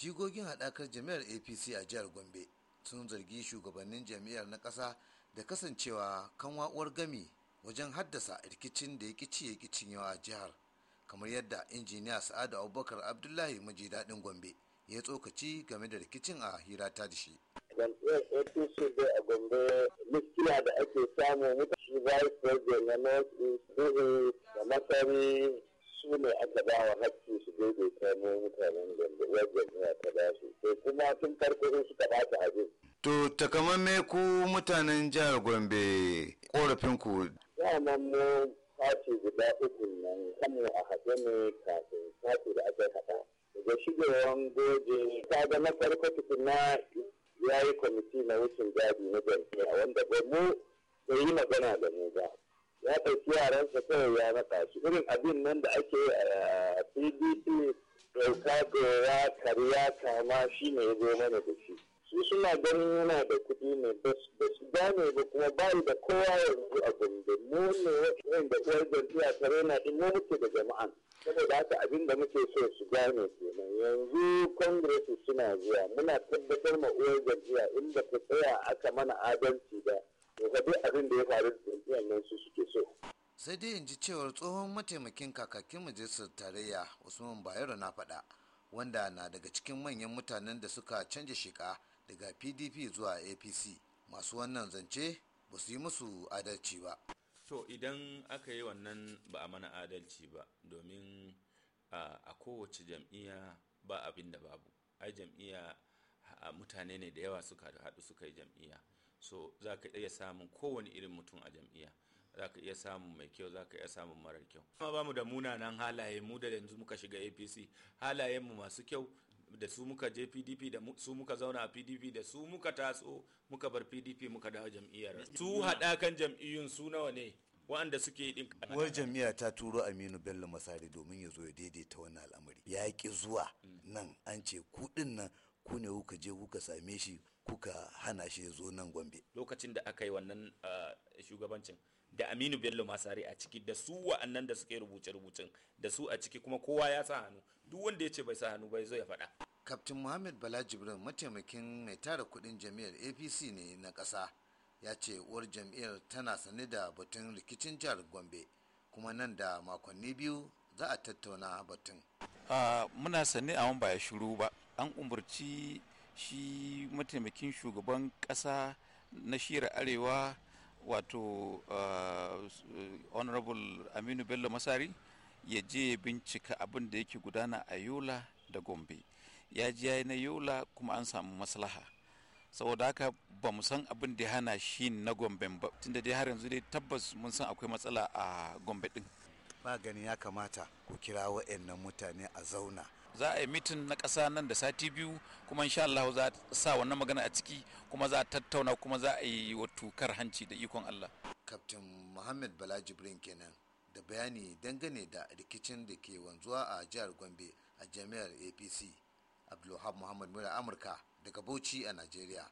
jigogin haɗakar jami'ar apc a jihar gombe sun zargi shugabannin jami'ar na ƙasa da kasancewa kanwa uwar gami wajen haddasa rikicin da ya kici ya kicin yawa a jihar kamar yadda injiniya sa'adu abubakar abdullahi maji daɗin gombe ya tsokaci game da rikicin a hira ta da shi jam'iyyar apc da a gombe miskila da ake samu mutane vice da na da masari su ne aka ba wa hakki su daidaita mu mutanen gombe wajen ya ta ba su sai kuma tun farko sun suka ba su hajji. to takamamme ku mutanen jihar gombe ku. nan mu sace guda uku nan kanmu a haɗe ne kafin sace da aka haɗa. daga shigewar goje ta ga na farko tukuna ya yi kwamiti na wucin gadi na jam'iyya wanda ba mu bai yi magana da mu ba ya ɗauki yaransa kawai ya naka su irin abin nan da ake a pdp ɗauka gora karya kama shi ne ya zo mana da shi su suna ganin yana da kuɗi ne ba su gane ba kuma ba da kowa yanzu a gombe mu ne da uwar jam'iyya ta na ɗin mu muke da jama'an saboda haka abin da muke so su gane kenan yanzu congress suna zuwa muna tabbatar ma uwar jam'iyya inda ta tsaya aka mana adalci da daga abin da ya faru da nan su suke so. sai dai in ji cewar tsohon mataimakin kakakin majalisar tarayya usman bayero na faɗa wanda na daga cikin manyan mutanen da suka canja shiga daga pdp zuwa apc masu wannan zance ba su yi musu adalci ba to idan aka yi wannan ba a mana adalci ba domin a kowace jam'iyya ba abin da babu ai jam'iyya mutane ne da yawa suka haɗu suka yi jam'iyya so za ka iya samun kowane irin mutum a jam'iyya za ka iya samun mai kyau za ka iya samun marar kyau kuma ba mu da munanan halaye mu da yanzu muka shiga apc halayenmu masu kyau da su muka je pdp da su muka zauna a pdp da su muka taso muka bar pdp muka dawo jam'iyyar su haɗakan jam'iyyun su nawa ne waɗanda suke din wa jami'a ta turo aminu bello masari domin ya zo ya daidaita wannan al'amari ya ki zuwa mm. nan an ce kuɗin nan ku ne kuka je kuka same shi kuka hana shi zo nan gombe lokacin da aka yi wannan shugabancin da aminu bello masari a ciki da su wa'annan da suke rubuce-rubucen da su a ciki kuma kowa ya sa hannu duk wanda ya ce bai sa hannu bai zo ya faɗa kaftin muhammad bala jibrin mataimakin mai tara kudin jami'ar apc ne na ƙasa ya ce uwar jami'ar tana sane da batun rikicin jihar gombe kuma nan da makonni biyu za a tattauna batun muna sane a ba ya shiru ba an umarci shi mataimakin shugaban ƙasa na shira arewa wato uh, honorable aminu bello masari ya je bincika abin da yake gudana a yola da gombe ya ji ya na yola kuma an samu maslaha saboda haka ba mu san abin da ya hana shi na gombe ba tunda dai har yanzu dai tabbas mun san akwai matsala a gombe din ba gani ya kamata ku kira wa'annan mutane a zauna za a yi mitin na ƙasa nan da sati biyu kuma insha Allah za a sa wannan magana a ciki kuma za a tattauna kuma za a yi wa tukar hanci da ikon Allah. Kaftin Muhammad Bala Jibrin kenan da bayani dangane da rikicin da ke wanzuwa a jihar Gombe a jami'ar APC. Abdulhab Muhammad Mura Amurka daga Bauchi a Najeriya.